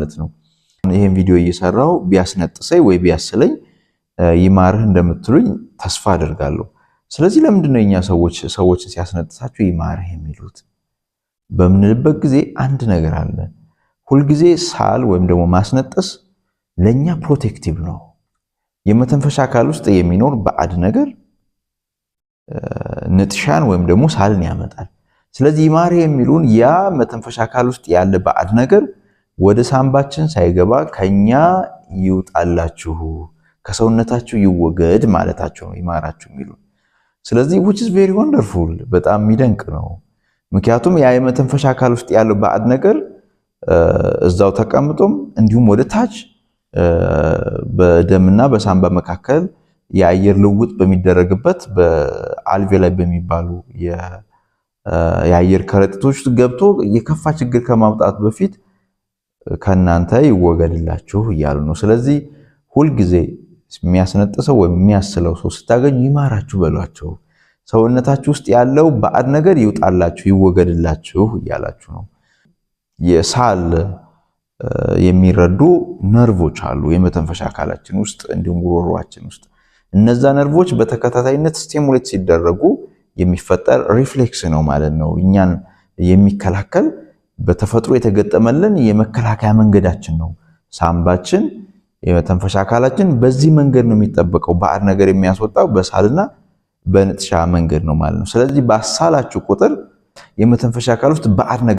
ማለት ነው። ይህን ቪዲዮ እየሰራው ቢያስነጥሰኝ ወይ ቢያስለኝ ይማርህ እንደምትሉኝ ተስፋ አደርጋለሁ። ስለዚህ ለምንድን ነው እኛ ሰዎች ሰዎች ሲያስነጥሳቸው ይማርህ የሚሉት? በምንልበት ጊዜ አንድ ነገር አለ። ሁልጊዜ ሳል ወይም ደግሞ ማስነጠስ ለእኛ ፕሮቴክቲቭ ነው። የመተንፈሻ አካል ውስጥ የሚኖር ባዕድ ነገር ንጥሻን ወይም ደግሞ ሳልን ያመጣል። ስለዚህ ይማርህ የሚሉን ያ መተንፈሻ አካል ውስጥ ያለ ባዕድ ነገር ወደ ሳንባችን ሳይገባ ከኛ ይውጣላችሁ ከሰውነታችሁ ይወገድ ማለታቸው ነው። ይማራችሁ የሚሉ ስለዚህ which is very wonderful በጣም የሚደንቅ ነው። ምክንያቱም ያ የመተንፈሻ አካል ውስጥ ያለው ባዕድ ነገር እዛው ተቀምጦም እንዲሁም ወደ ታች በደምና በሳንባ መካከል የአየር ልውጥ በሚደረግበት በአልቬላይ በሚባሉ የአየር ከረጢቶች ገብቶ የከፋ ችግር ከማምጣት በፊት ከእናንተ ይወገድላችሁ እያሉ ነው። ስለዚህ ሁልጊዜ የሚያስነጥሰው ወይም የሚያስለው ሰው ስታገኙ ይማራችሁ በሏቸው። ሰውነታችሁ ውስጥ ያለው ባዕድ ነገር ይውጣላችሁ፣ ይወገድላችሁ እያላችሁ ነው። የሳል የሚረዱ ነርቮች አሉ የመተንፈሻ አካላችን ውስጥ እንዲሁም ጉሮሯችን ውስጥ። እነዛ ነርቮች በተከታታይነት ስቲሙሌት ሲደረጉ የሚፈጠር ሪፍሌክስ ነው ማለት ነው እኛን የሚከላከል በተፈጥሮ የተገጠመልን የመከላከያ መንገዳችን ነው። ሳምባችን፣ የመተንፈሻ አካላችን በዚህ መንገድ ነው የሚጠበቀው። ባዕድ ነገር የሚያስወጣው በሳልና በንጥሻ መንገድ ነው ማለት ነው። ስለዚህ ባሳላችሁ ቁጥር የመተንፈሻ አካል ውስጥ ባዕድ ነገር